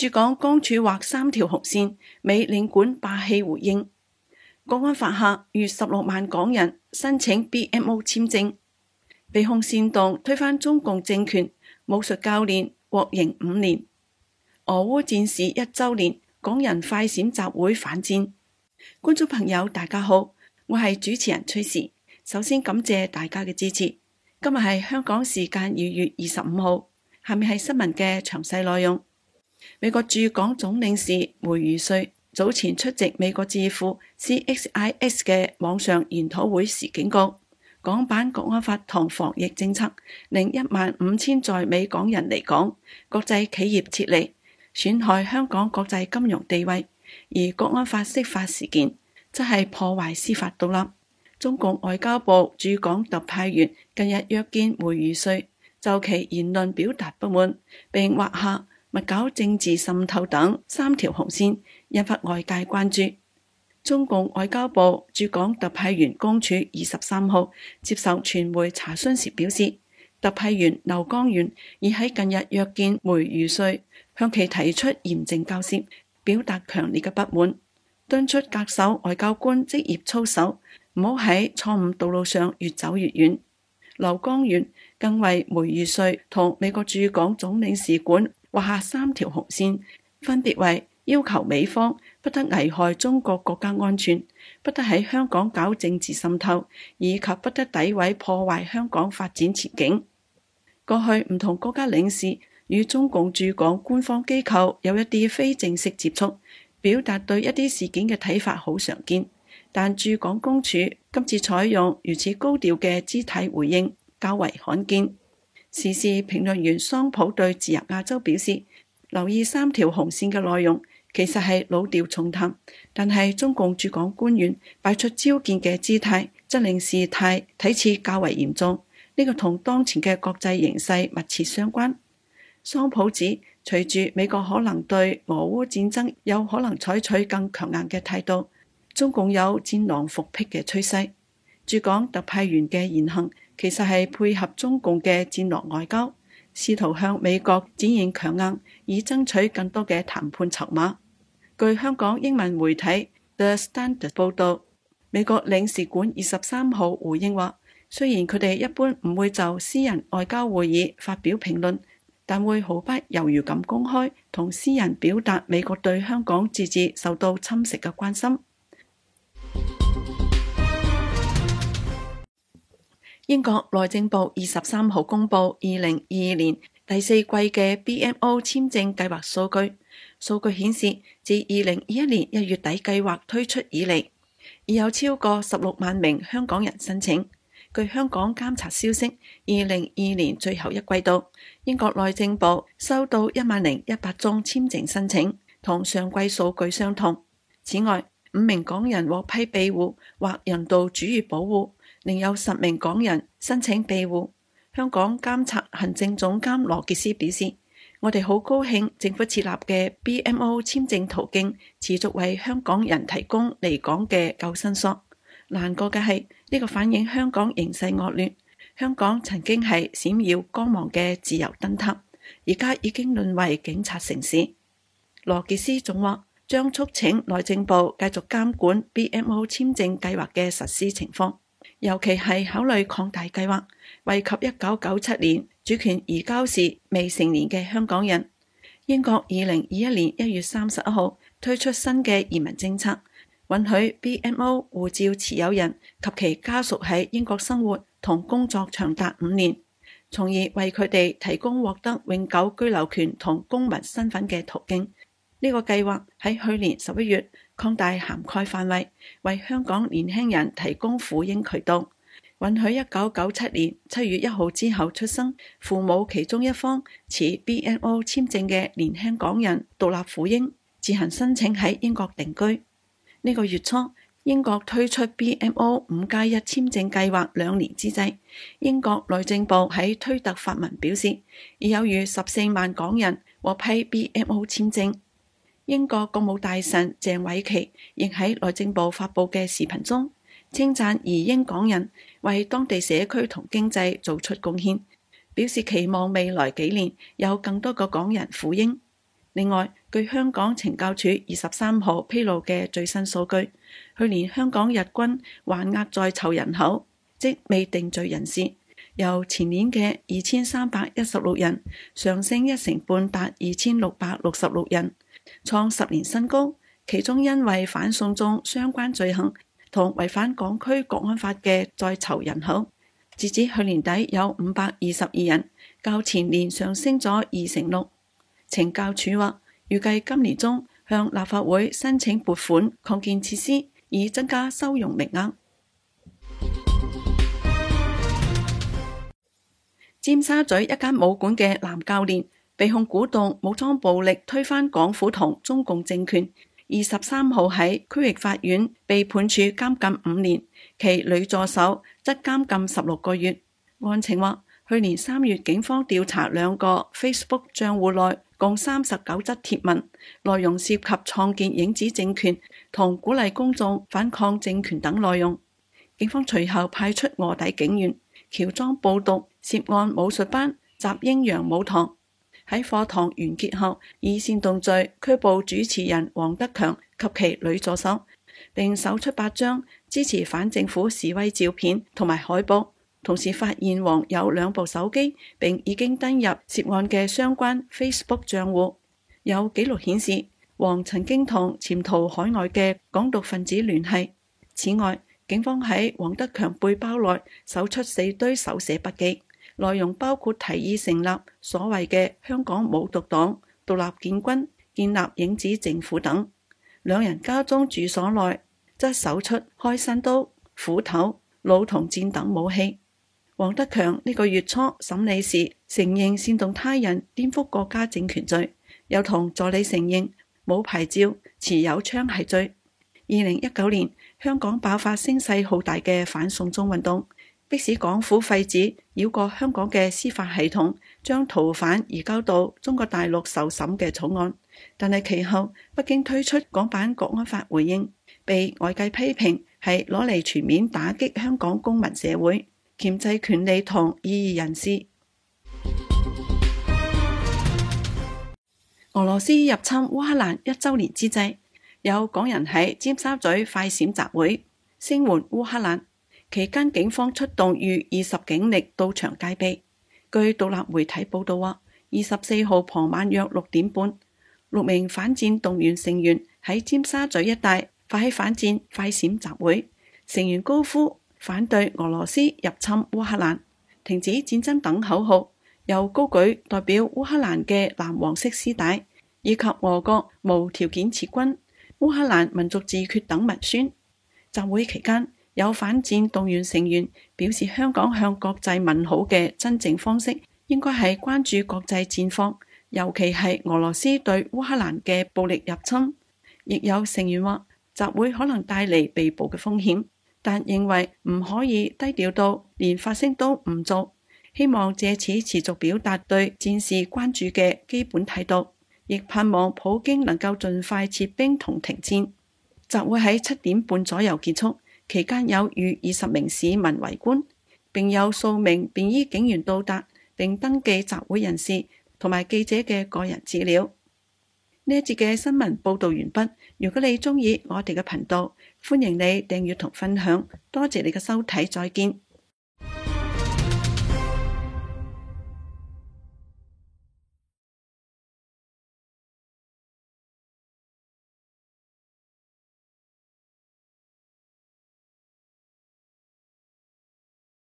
駐港公署劃三條紅線，美領館霸氣回應。國安法下逾十六萬港人申請 BNO 簽證，被控煽動推翻中共政權武術，武術教練獲刑五年。俄烏戰事一周年，港人快閃集會反戰。觀眾朋友，大家好，我係主持人崔時。首先感謝大家嘅支持。今日係香港時間二月二十五號，下面係新聞嘅詳細內容。美國駐港總領事梅如瑞早前出席美國智庫 C X I S 嘅網上研討會時，警告港版國安法同防疫政策令一萬五千在美港人離港，國際企業撤離，損害香港國際金融地位。而國安法釋法事件則係破壞司法獨立。中共外交部駐港特派員近日約見梅如瑞，就其言論表達不滿，並劃下。勿搞政治滲透等三條紅線，引發外界關注。中共外交部駐港特派員公署二十三號接受傳媒查詢時表示，特派員劉光源已喺近日約見梅儒瑞向其提出嚴正交涉，表達強烈嘅不滿，敦促恪守外交官職業操守，唔好喺錯誤道路上越走越遠。劉光源更為梅儒瑞同美國駐港總領事館，劃下三條紅線，分別為要求美方不得危害中國國家安全，不得喺香港搞政治滲透，以及不得詆毀破壞香港發展前景。過去唔同國家領事與中共駐港官方機構有一啲非正式接觸，表達對一啲事件嘅睇法好常見，但駐港公署今次採用如此高調嘅姿態回應較為罕見。時事評論員桑普對自由亞洲表示，留意三條紅線嘅內容，其實係老調重彈，但係中共駐港官員擺出召見嘅姿態，則令事態睇似較為嚴重。呢、這個同當前嘅國際形勢密切相關。桑普指，隨住美國可能對俄烏戰爭有可能採取更強硬嘅態度，中共有戰狼復辟嘅趨勢。駐港特派員嘅言行其實，係配合中共嘅戰略外交，試圖向美國展現強硬，以爭取更多嘅談判籌碼。據香港英文媒體 The Standard 報導，美國領事館二十三號回應話，雖然佢哋一般唔會就私人外交會議發表評論，但會毫不猶豫咁公開同私人表達美國對香港自治受到侵蝕嘅關心。英國內政部二十三號公布二零二二年第四季嘅 BNO 簽證計劃數據，數據顯示，自二零二一年一月底計劃推出以嚟，已有超過十六萬名香港人申請。據香港監察消息，二零二二年最後一季度，英國內政部收到一萬零一百宗簽證申請，同上季數據相同。此外，五名港人獲批庇護或人道主義保護。另有十名港人申請庇護。香港監察行政總監羅傑斯表示：我哋好高興政府設立嘅 BNO 簽證途徑持續為香港人提供離港嘅救生索。難過嘅係呢個反映香港形勢惡劣。香港曾經係閃耀光芒嘅自由燈塔，而家已經淪為警察城市。羅傑斯仲話：將促請內政部繼續監管 BNO 簽證計劃嘅實施情況。尤其係考慮擴大計劃，惠及一九九七年主權移交時未成年嘅香港人。英國二零二一年一月三十一號推出新嘅移民政策，允許 BNO 護照持有人及其家屬喺英國生活同工作長達五年，從而為佢哋提供獲得永久居留權同公民身份嘅途徑。呢、呢個計劃喺去年十一月，擴大涵蓋範圍，為香港年輕人提供赴英渠道，允許一九九七年七月一號之後出生、父母其中一方持 BNO 簽證嘅年輕港人獨立赴英，自行申請喺英國定居。呢、這個月初，英國推出 BNO 五加一簽證計劃兩年之際，英國內政部喺推特發文表示，已有逾十四萬港人獲批 BNO 簽證。英國國務大臣鄭偉琪亦喺內政部發布嘅視頻中稱讚移英港人為當地社區同經濟做出貢獻，表示期望未來幾年有更多個港人赴英。另外，據香港懲教署二十三號披露嘅最新數據，去年香港日均還押在囚人口，即未定罪人士，由前年嘅二千三百一十六人上升一成半，達二千六百六十六人。創十年新高，其中因為反送中相關罪行同違反港區國安法嘅在囚人口，截至去年底有五百二十二人，較前年上升咗二成六。懲教署話，預計今年中向立法會申請撥款擴建設施，以增加收容名額。 尖沙咀一間武館嘅男教練。被控鼓動武裝暴力推翻港府同中共政權，二十三號喺區域法院被判處監禁五年，其女助手則監禁十六個月。案情話，去年三月警方調查兩個 Facebook 賬戶內共三十九則貼文，內容涉及創建影子政權同鼓勵公眾反抗政權等內容。警方隨後派出臥底警員喬裝報讀涉案武術班，集英陽武堂。喺課堂完結後，以煽動罪拘捕主持人黃德強及其女助手，並搜出八張支持反政府示威照片同埋海報。同時發現黃有兩部手機，並已經登入涉案嘅相關 Facebook 賬戶。有記錄顯示，黃曾經同潛逃海外嘅港獨分子聯繫。此外，警方喺黃德強背包內搜出四堆手寫筆記。內容包括提議成立所謂嘅香港武獨黨、獨立建軍、建立影子政府等。兩人家中住所內則搜出開山刀、斧頭、老銅劍等武器。黃德強呢個月初審理時承認煽動他人顛覆國家政權罪，又同助理承認冇牌照持有槍械罪。二零一九年香港爆發聲勢浩大嘅反送中運動。迫使港府廢止繞過香港嘅司法系統，將逃犯移交到中國大陸受審嘅草案，但係其後北京推出港版國安法，回應被外界批評係攞嚟全面打擊香港公民社會鉗制權利同異議人士。 俄羅斯入侵烏克蘭一周年之際，有港人喺尖沙咀快閃集會聲援烏克蘭。期間警方出動逾二十警力到場戒備。據獨立媒體報道話，二十四號傍晚約六點半，六名反戰動員成員喺尖沙咀一帶發起反戰快閃集會，成員高呼反對俄羅斯入侵烏克蘭、停止戰爭等口號，又高舉代表烏克蘭嘅藍黃色絲帶，以及俄國無條件撤軍、烏克蘭民族自決等文宣。集會期間，有反戰動員成員表示，香港向國際問好嘅真正方式應該係關注國際戰況，尤其係俄羅斯對烏克蘭嘅暴力入侵。亦有成員話集會可能帶嚟被捕嘅風險，但認為唔可以低調到連發聲都唔做，希望借此持續表達對戰事關注嘅基本態度，亦盼望普京能夠盡快撤兵同停戰。集會喺七點半左右結束。期間有逾二十名市民圍觀，並有數名便衣警員到達，並登記集會人士同埋記者嘅個人資料。呢一節嘅新聞報道完畢。如果你中意我哋嘅頻道，歡迎你訂閱同分享。多謝你嘅收睇，再見。